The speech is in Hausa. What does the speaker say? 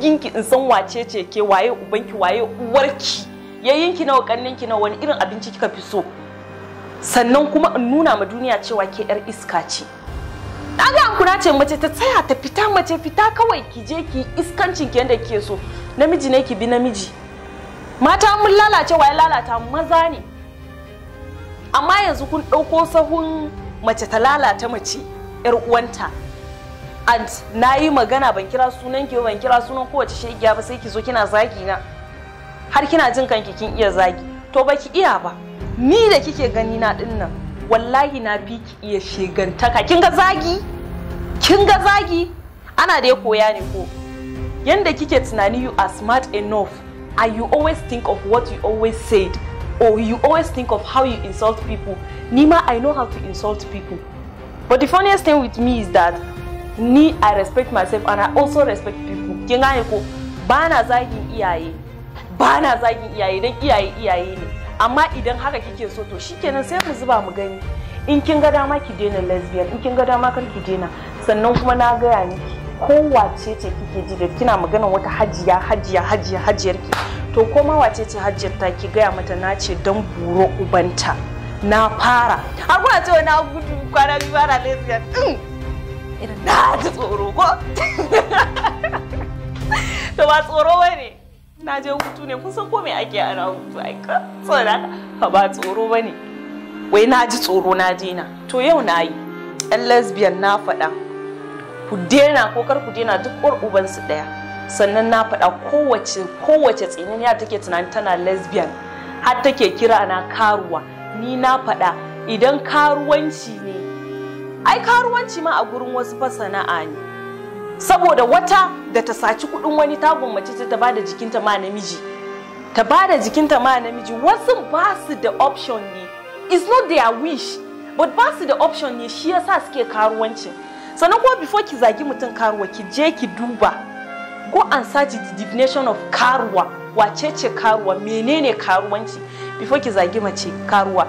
ki in san wace ce ke waye ubanki waye uwarki yayinki nawa kanninki nawa wani irin abinci kika fi so sannan kuma in nuna ma duniya cewa ke yar iska ce Ɗaga ga ce mace ta tsaya ta fita mace fita kawai ki je ki iskancin ki yanda kike so namiji ne ki bi namiji mata mun lalace waye lalata maza ne amma yanzu kun ɗauko sahun mace ta lalata mace 'yar uwanta and na yi magana ban kira sunan ki ban kira sunan kowace shegiya ba sai ki zo kina zagi na har kina jin kanki kin iya zagi to ba ki iya ba ni da kike gani na din nan wallahi na fi ki iya shegantaka kin ga zagi kin ga zagi ana da ya koya ne ko yanda kike tunani you are smart enough and you always think of what you always said or you always think of how you insult people nima i know how to insult people but the funniest thing with me is that ni i respect myself and i also respect people kin gane ko ba na zagin iyaye ba na zagin iyaye don iyaye iyaye ne amma idan haka kike so to shikenan sai mu zuba mu gani in kin ga dama ki daina lesbian in kin ga dama kar ki daina sannan kuma na gaya ni kowace ce kike ji da kina maganar wata hajiya hajiya hajiya hajiyar ki to ko ma wace ce hajiyar ta ki gaya mata na ce dan buro ubanta na fara har kuna cewa na gudu kwana biyu ana lesbian mm. irin na ji tsoro ko ba tsoro bane na je hutu ne kun san ko me ake ana hutu ai ka tsara ba tsoro bane wai na ji tsoro na je na to yau na yi Ƴan lesbian na faɗa ku daina ko kar ku daina duk uwar uban su daya sannan na faɗa kowace kowace tsinaniya take tunani tana lesbian har take kira na karuwa ni na faɗa idan karuwanci ne ai karuwanci ma a gurin wasu fa sana'a ne saboda wata da ta saci kudin wani tagon mace ta bada jikinta ma namiji ta bada jikinta ma namiji wasu ba su da option ne it's not their wish but ba su da option ne shi yasa suke karuwanci sannan ko before ki zagi mutum karuwa ki je ki duba Ko an search the definition of karuwa wacece karuwa menene karuwanci before ki zagi mace karuwa